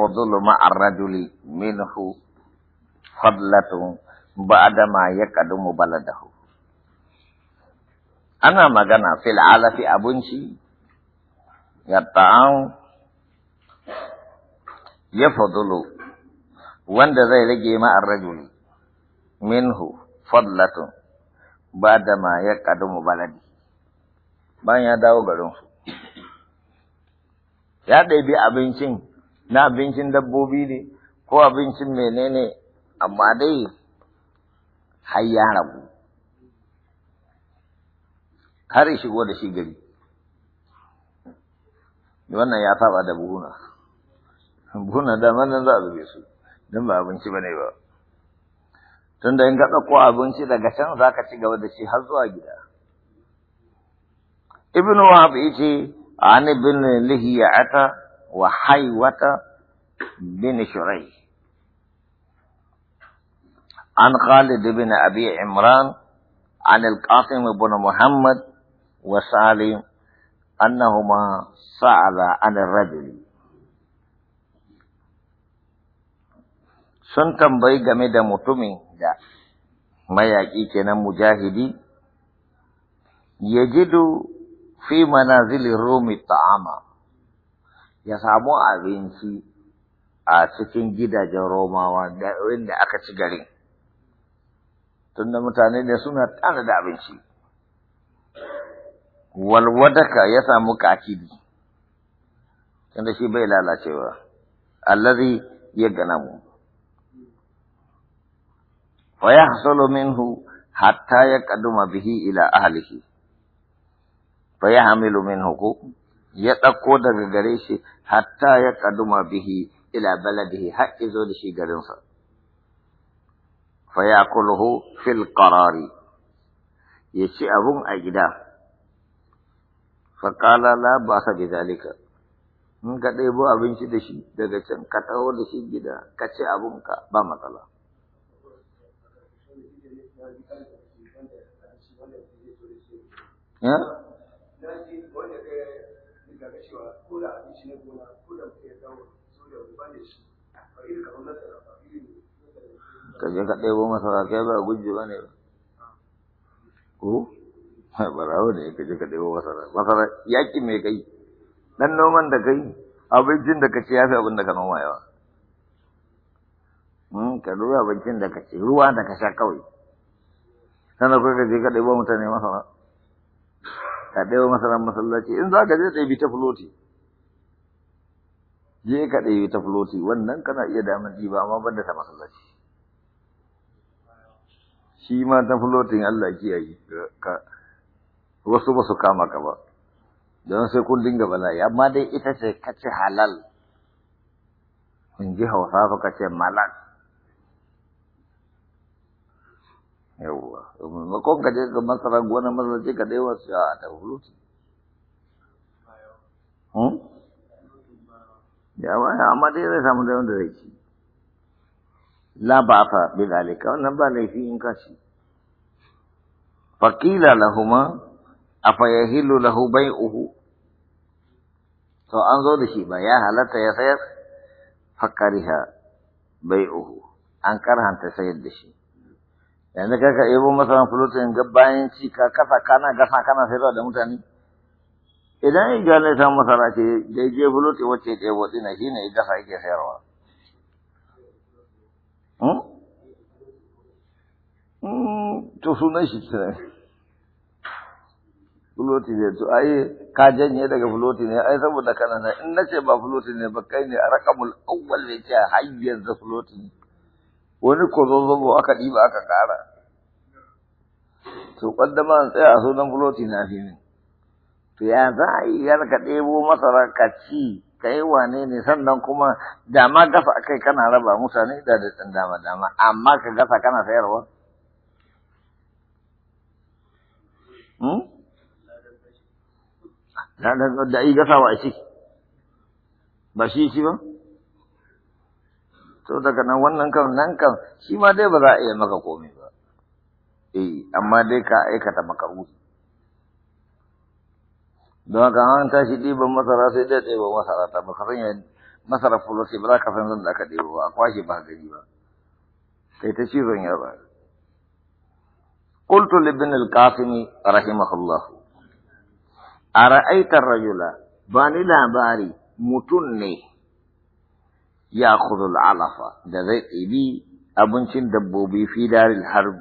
fadlu minhu fadlatu ana magana fil alafi abunci ya ta'am ya fadlu wanda zai rage ma a rajuli minhu fadlatu ba'dama yaqdumu baladi bayan ya dawo garin ya ɗabi abincin na abincin dabbobi ne ko abincin menene amma dai har ya rabu har ya shigo da shi gari wannan ya saba da buhuna buhuna da nan za a zube su don ba abinci ba ne ba tun da in ka ɗauko abinci daga can za ka ci gaba da shi har zuwa gida ibnu wahab yace an ibn lihiyata وحيوة بن شريح عن خالد بن أبي عمران عن القاسم بن محمد وسالم أنهما سأل عن الرجل sun tambayi game da mutumin da mayaƙi kenan mujahidi yajidu fi manazilin rumi ta'ama ya samu abinci a cikin gidajen Romawa da aka ci garin. Tunda mutane ne suna tare da abinci. Walwadaka ya samu kakidi, tunda shi bai lalacewa, allazi ya gana mu. Faya hasolo minhu hatta ya kaduma bihi ila ahlihi, faya hamilu minhu ko? ya ɗauko daga gare shi hatta ya kaduma bihi ila baladihi har izo da shi garinsa fa yakuluhu fil qarari ya ci abun a gida fa la ba sa zalika, in ka ɗebo abinci da shi daga can ka taho da shi gida ka ci abunka ba matsala Yeah? ko da abinci ne gona ko da mutum ya so da ne shi ba iri kamar masara ba iri ne ka je ka ɗebo kai ba guji ba ne ba ko barawo ne ka je ka ɗebo masara masara yaƙi mai kai ɗan noman da kai abincin da ka ci ya fi abin da ka noma yawa hmm, ka duba abincin da ka ci ruwa da ka sha kawai sannan ka je ka ɗebo mutane masara ka dawo masalan masallaci in za ka je ɗabi ta fuloti je ka ɗabi ta fuloti wannan kana iya damar ɗiba amma ban ta masallaci shi ma ta fulotin Allah ki yi ka wasu ba su kama ka ba don sai kun dinga bala'i amma dai ita ce kace halal in ji hausa ka ce malak yawwa ko ka je ga masara gonar masara ce ka dai wasu a ta hulutu hmm? ya waya amma dai zai samu da wanda zai ci la ba fa bi dalika wannan ba laifi in ka ci faqila lahuma afa yahilu lahu bai'uhu to an zo da shi ba ya halatta ya sayar fakariha bai'uhu an karhanta sayar da shi yanzu kai ka ebo masaran in ga bayan ci ka kasa kana gasa kana sai da mutane idan ya gane ta masara ce da je fulotin wacce ke ebo dina shi ne ya gasa yake sayarwa hmm? Hmm, to sunan shi kira fuloti ne to ai ka janye daga fuloti ne ai saboda kana na in nace ba fuloti ne ba kai ne a rakamul awwal ne ce hayyan yanzu fuloti ne wani ko zo aka diba aka ƙara to kaddama an tsaya a sunan buloti na fi min to ya za a yi yar ka ɗebo masara ka ci ka yi wane ne sannan kuma dama gafa akai kana raba mutane da da dama dama amma ka gasa kana sayarwa hmm? da yi gasa a ci ba shi shi ba to daga nan wannan kan nan kan shi ma dai ba za a iya maka komai ba eh amma dai ka aikata makaruhi don haka an tashi ɗiban masara sai dai ɗiban masara ta ba san masara sai ba za ka san zan da aka ɗebo ba a kwashe ba gari ba sai ta cizon ya ba قلت لابن القاسم رحمه الله أرأيت الرجل بني لاباري متني يأخذ العلف ده زي إبي أبنشن دبوبي في دار الحرب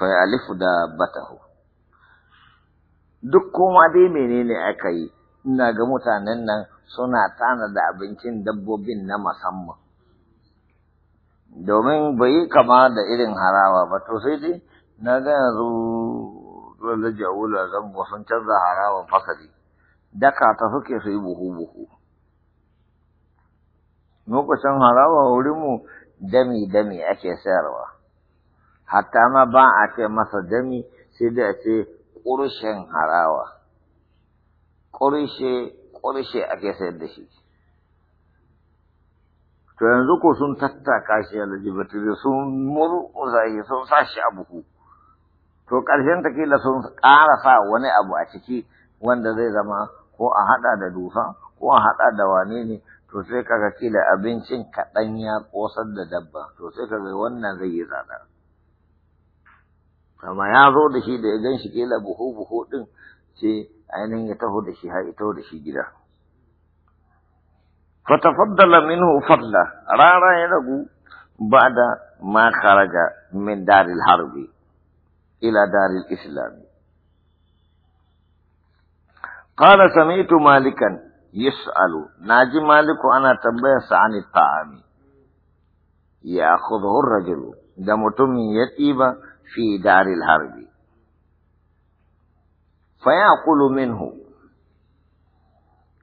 fa alifu da batahu duk koma dai menene aka yi ina ga mutanen nan suna tana da abincin dabbobin na musamman domin bai yi kama da irin harawa ba to sai dai na ga yanzu lalaji a zan sun canza harawan fasali daka ta suke su yi buhu-buhu lokacin harawa wurinmu dami-dami ake sayarwa hatta ma ba a ce masa jami sai da ce ƙurshen harawa ƙurshe ƙurshe ake sayar da shi to yanzu ko sun tattaka shi a lajibatu sun murƙuza shi sun sa shi a buhu to ƙarshen ta kila sun ƙara sa wani abu a ciki wanda zai zama ko a haɗa da dusa ko a haɗa da wane ne to sai kaga kila abincin kaɗan ya ƙosar da dabba to sai kaga wannan zai yi tsada amma ya zo da shi da ya gan shi kila buhu buhu din ce ainihin ya taho da shi har ito da shi gida fatafaddala minhu fadla rara ya ragu ba'da ma kharaja min daril harbi ila daril islami qala sami'tu malikan yas'alu naji maliku ana tambaya sa an ta'ami ya khudhu rajul da mutumin ya ɗiba في دار الحرب فيأكل منه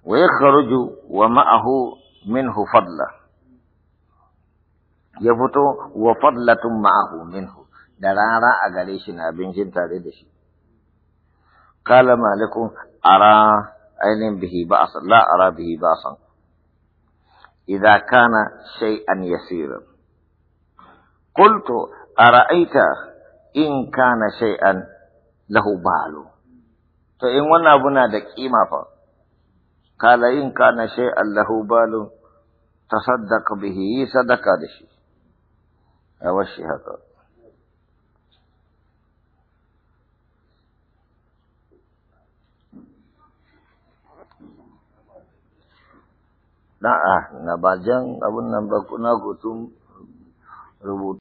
ويخرج ومعه منه فضلة يفتو وفضلة معه منه درارة أغليشنا بنجن تاريدش قال مالك أرى أين به بأسا لا أرى به بأسا إذا كان شيئا يسيرا قلت أرأيت in kana shay'an lahu balu to in wannan abu na da kima fa kala in kana shay'an lahu balu tasaddaq bihi sadaka da shi awashi haka Na'a na bajan abun nan ba kuna kutum rubutu.